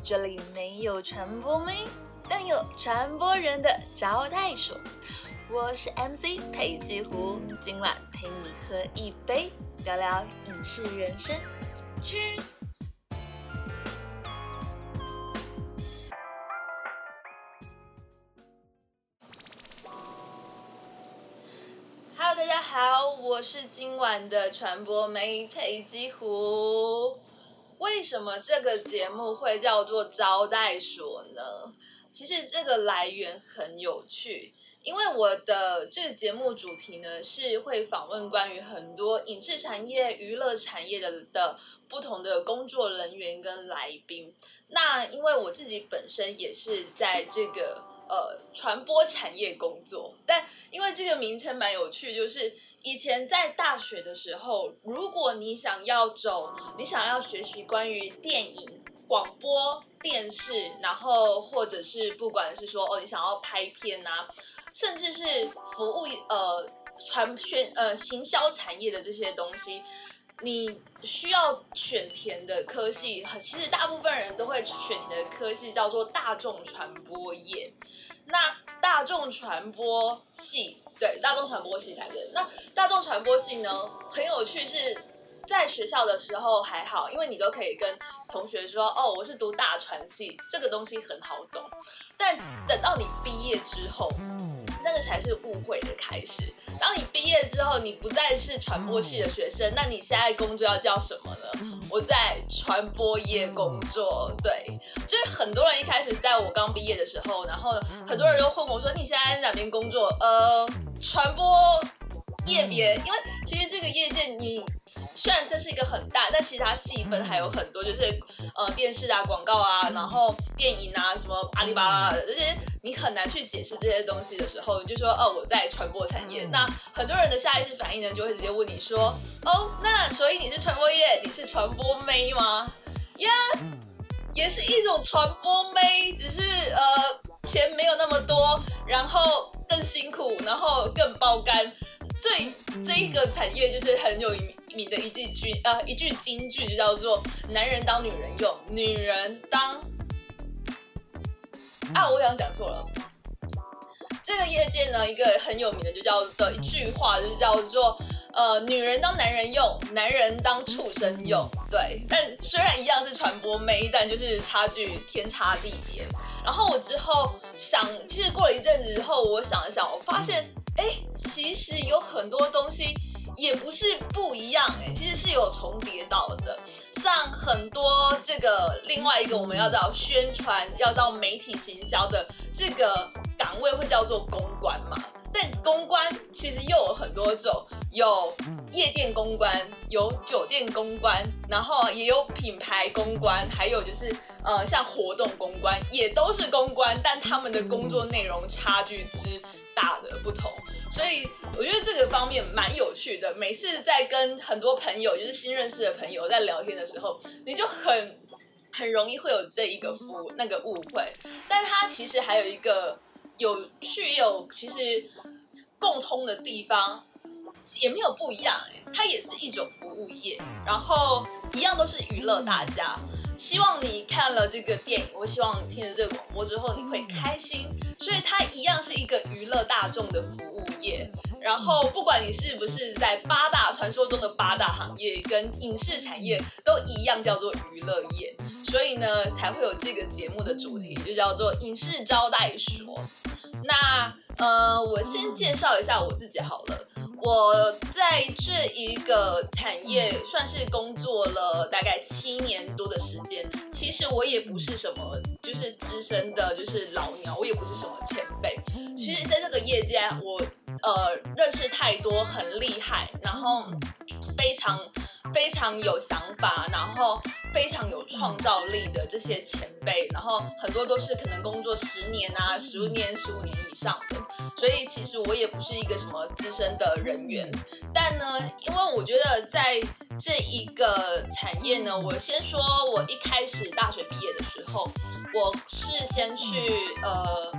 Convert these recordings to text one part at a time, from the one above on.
這裡沒有傳播妹，但有傳播人的招待所。我是 MC 珮姬狐，今晚陪你喝一杯，聊聊影視人生。Cheers！Hello，大家好，我是今晚的傳播妹珮姬狐。為什麼這個節目會叫做招待所呢？其實這個來源很有趣，因為我的這個節目主題呢，是會訪問關於很多影視產業、娛樂產業的的不同的工作人員跟來賓。那因為我自己本身也是在這個。呃，傳播產業工作，但因為這個名稱蠻有趣，就是以前在大學的時候，如果你想要走，你想要學習關於電影、廣播電視，然後或者是不管是說哦，你想要拍片啊，甚至是服務呃傳宣呃行銷產業的這些東西。你需要選填的科系，其實大部分人都會選填的科系叫做大眾傳播業。那大眾傳播系，對，大眾傳播系才對。那大眾傳播系呢，很有趣，是在學校的時候還好，因為你都可以跟同學說，哦，我是讀大傳系，這個東西很好懂。但等到你畢業之後，那個才是誤會的開始。當你畢業之後，你不再是傳播系的學生，那你現在工作要叫什麼呢？我在傳播業工作，對，所以很多人一開始在我剛畢業的時候，然後很多人都問我說：“你現在在哪邊工作？”呃，傳播。業別，因為其實這個業界你雖然這是一個很大，但其他細分還有很多，就是呃電視啊廣告啊，然後電影啊什麼阿里巴巴的，這些你很難去解釋這些東西的時候，你就說哦，我在傳播產業。嗯、那很多人的下意識反應呢，就會直接問你說哦，那所以你是傳播業，你是傳播妹嗎？呀、yeah，也是一種傳播妹，只是呃錢沒有那麼多，然後更辛苦，然後更爆肝。一個產業就是很有名的一句句呃，一句金句就叫做，男人當女人用，女人當啊，我想講錯了。這個業界呢，一個很有名的就叫做，一句話就叫做。呃，女人當男人用，男人當畜生用，對。但雖然一樣是傳播，每一代就是差距天差地別。然後我之後想，其實過了一陣子之後，我想了想，我發現，哎、欸，其實有很多東西也不是不一樣、欸，哎，其實是有重疊到的。像很多這個另外一個我們要到宣傳、要到媒體行銷的這個崗位，會叫做公關嘛。但公關其實又有很多種，有夜店公關，有酒店公關，然後也有品牌公關，還有就是呃像活動公關，也都是公關，但他們的工作內容差距之大的不同，所以我覺得這個方面蠻有趣的。每次在跟很多朋友，就是新認識的朋友在聊天的時候，你就很很容易會有這一個誤那個誤會，但他其實還有一個。有趣也有其實共通的地方，也沒有不一樣，欸、它也是一種服務業，然後一樣都是娛樂大家。希望你看了這個電影，我希望你聽了這個廣播之後，你會開心，所以它一樣是一個娛樂大眾的服務業。然後不管你是不是在八大傳說中的八大行業，跟影視產業都一樣叫做娛樂業，所以呢，才會有這個節目的主題，就叫做影視招待所。那呃，我先介紹一下我自己好了。我在這一個產業算是工作了大概七年多的時間。其實我也不是什麼就是資深的，就是老鳥，我也不是什麼前輩。其實，在這個業界，我呃認識太多很厲害，然後非常。非常有想法，然後非常有創造力的這些前輩，然後很多都是可能工作十年啊、十五年、十五年以上的，所以其實我也不是一個什麼資深的人員。但呢，因為我覺得在這一個產業呢，我先說，我一開始大學畢業的時候，我是先去呃。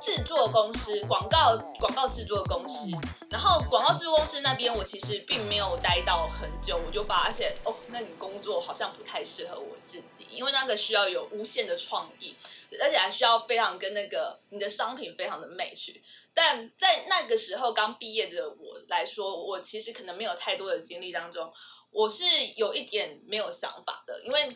製作公司、廣告、廣告製作公司，然後廣告製作公司那邊，我其實並沒有待到很久，我就發現哦，那個工作好像不太適合我自己，因為那個需要有無限的創意，而且還需要非常跟那個你的商品非常的 match。但在那個時候剛畢業的我來說，我其實可能沒有太多的經歷當中，我是有一點沒有想法的，因為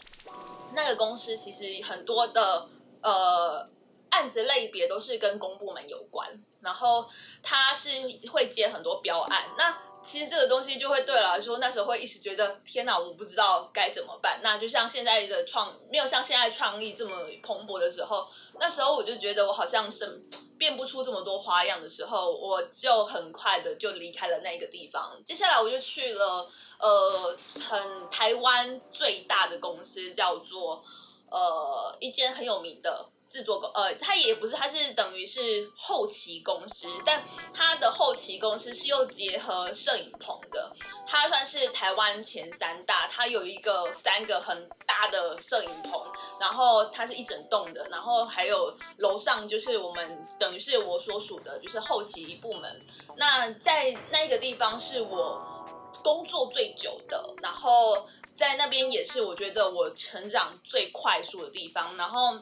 那個公司其實很多的呃。案子類別都是跟公部門有關，然後他是會接很多標案。那其實這個東西就會對我來說，那時候會一直覺得，天哪，我不知道該怎麼辦。那就像現在的創，沒有像現在創意這麼蓬勃的時候，那時候我就覺得我好像是變不出這麼多花樣的時候，我就很快的就離開了那個地方。接下來我就去了呃，很台灣最大的公司，叫做呃，一間很有名的。製作公呃，他也不是，他是等於是後期公司，但他的後期公司是又結合攝影棚的，他算是台灣前三大，他有一個三個很大的攝影棚，然後它是一整棟的，然後還有樓上，就是我們等於是我所屬的就是後期一部門，那在那個地方是我工作最久的，然後在那邊也是我覺得我成長最快速的地方，然後。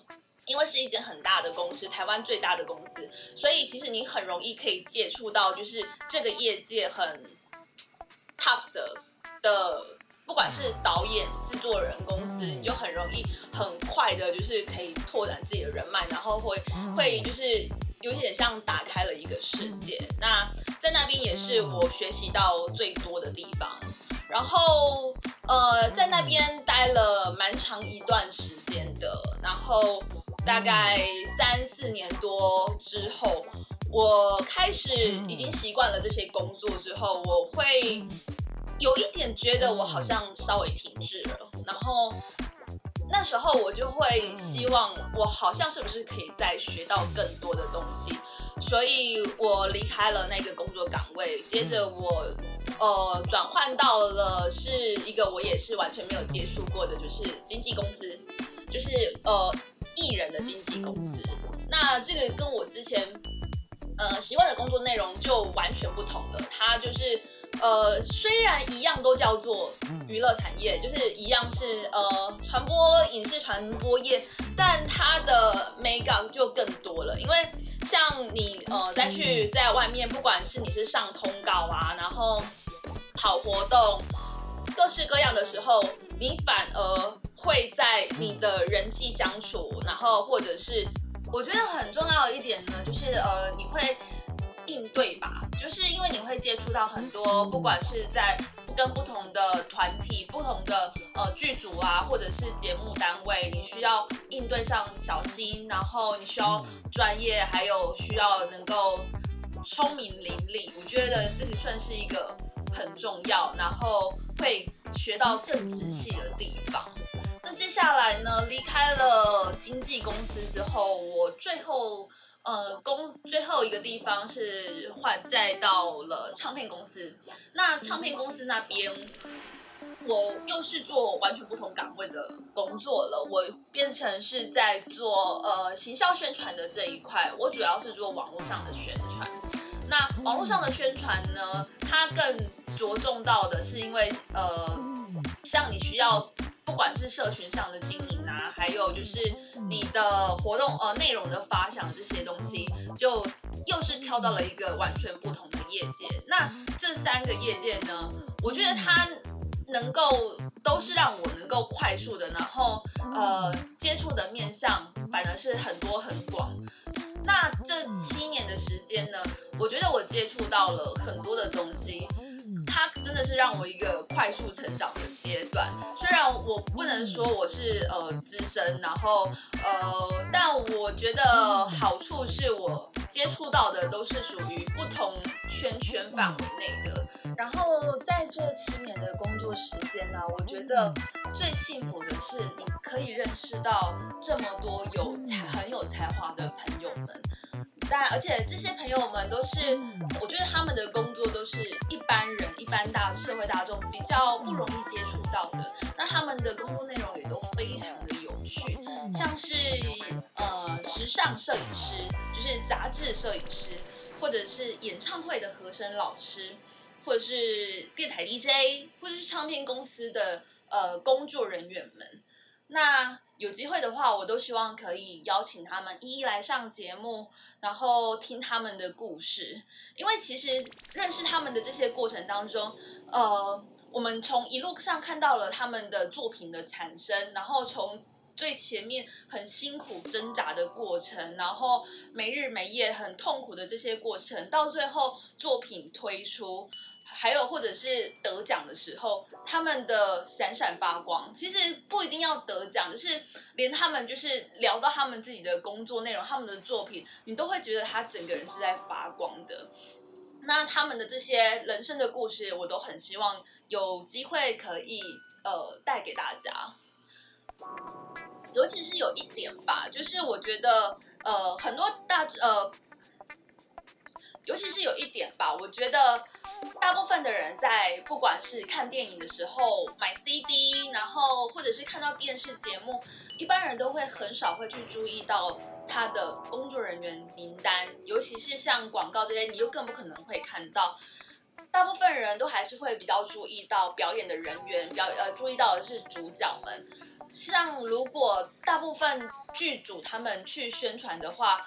因為是一間很大的公司，台灣最大的公司，所以其實你很容易可以接觸到，就是這個業界很 top 的的，不管是導演、製作人公司，你就很容易很快的，就是可以拓展自己的人脈，然後會會就是有點像打開了一個世界。那在那邊也是我學習到最多的地方，然後呃，在那邊待了蠻長一段時間的，然後。大概三四年多之後，我開始已經習慣了這些工作之後，我會有一點覺得我好像稍微停滯了。然後那時候我就會希望我好像是不是可以再學到更多的東西，所以我離開了那個工作崗位，接着我呃轉換到了是一個我也是完全沒有接觸過的，就是經紀公司，就是呃。藝人的經紀公司，那這個跟我之前呃習慣的工作內容就完全不同了。它就是呃，雖然一樣都叫做娛樂產業，就是一樣是呃傳播影視傳播業，但它的美感就更多了。因為像你呃再去在外面，不管是你是上通告啊，然後跑活動，各式各樣的時候，你反而。會在你的人際相處，然後或者是我覺得很重要的一點呢，就是呃，你會應對吧？就是因為你會接觸到很多，不管是在跟不同的團體、不同的呃劇組啊，或者是節目單位，你需要應對上小心，然後你需要專業，還有需要能夠聰明伶俐。我覺得這個算是一個很重要，然後會學到更仔細的地方。接下來呢，離開了經紀公司之後，我最後呃，公最後一個地方是換在到了唱片公司。那唱片公司那邊，我又是做完全不同崗位的工作了。我變成是在做呃行銷宣傳的這一塊，我主要是做網絡上的宣傳。那網絡上的宣傳呢，它更着重到的是因為呃，像你需要。不管是社群上的經營啊，還有就是你的活動呃內容的發想這些東西，就又是跳到了一個完全不同的業界。那這三個業界呢，我覺得它能夠都是讓我能夠快速的，然後呃接觸的面向反而是很多很廣。那這七年的時間呢，我覺得我接觸到了很多的東西。它真的是讓我一個快速成長的階段，雖然我不能說我是呃資深，然後呃，但我覺得好處是我接觸到的都是屬於不同圈圈範圍內的。然後在這七年的工作時間呢、啊，我覺得最幸福的是你可以認識到這麼多有才、很有才華的朋友們。但而且這些朋友們都是，我覺得他們的工作都是一般人，一般大社會大眾比較不容易接觸到的。那他們的工作內容也都非常的有趣，像是呃時尚攝影師，就是雜誌攝影師，或者是演唱會的和聲老師，或者是電台 DJ，或者是唱片公司的呃工作人員們。那有機會的話，我都希望可以邀請他們一一來上節目，然後聽他們的故事。因為其實認識他們的這些過程當中，呃，我們從一路上看到了他們的作品的產生，然後從最前面很辛苦掙扎的過程，然後沒日沒夜很痛苦的這些過程，到最後作品推出。還有，或者是得獎的時候，他們的閃閃發光，其實不一定要得獎，就是連他們就是聊到他們自己的工作內容，他們的作品，你都會覺得他整個人是在發光的。那他們的這些人生的故事，我都很希望有機會可以呃帶給大家。尤其是有一點吧，就是我覺得呃很多大呃。尤其是有一點吧，我覺得大部分的人在不管是看電影的時候買 CD，然後或者是看到電視節目，一般人都會很少會去注意到他的工作人員名單，尤其是像廣告這些，你又更不可能會看到。大部分人都還是會比較注意到表演的人員，表呃注意到的是主角們。像如果大部分劇組他們去宣傳的話，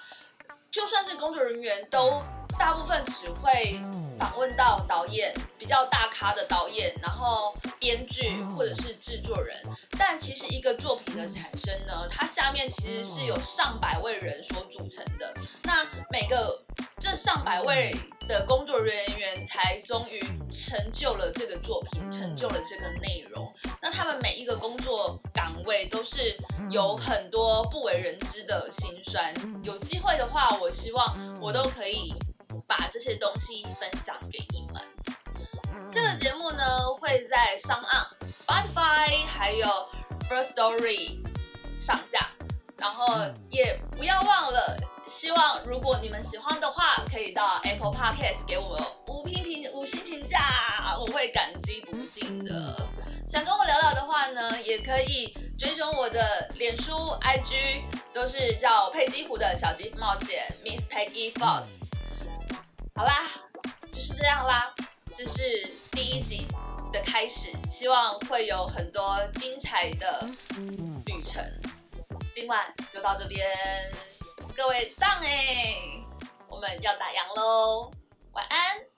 就算是工作人員都。大部分只會訪問到導演，比較大咖的導演，然後編劇或者是制作人。但其實一個作品的產生呢，它下面其實是有上百位人所組成的。那每個這上百位的工作人員才終於成就了這個作品，成就了這個內容。那他們每一個工作崗位都是有很多不為人知的辛酸。有機會的話，我希望我都可以，這些東西分享給你們。這個節目呢，會在上岸、Spotify，還有 First Story 上下，然後也不要忘了，希望如果你們喜歡的話，可以到 Apple Podcast 給我們五評評五星評價，我會感激不盡的。想跟我聊聊的話呢，也可以追蹤我的臉書、IG，都是叫珮姬狐的小氣冒險 Miss Peggy Fox 好啦，就是這樣啦，這是第一集的開始，希望會有很多精彩的旅程。今晚就到這邊，各位董耶，我們要打烊嘍，晚安。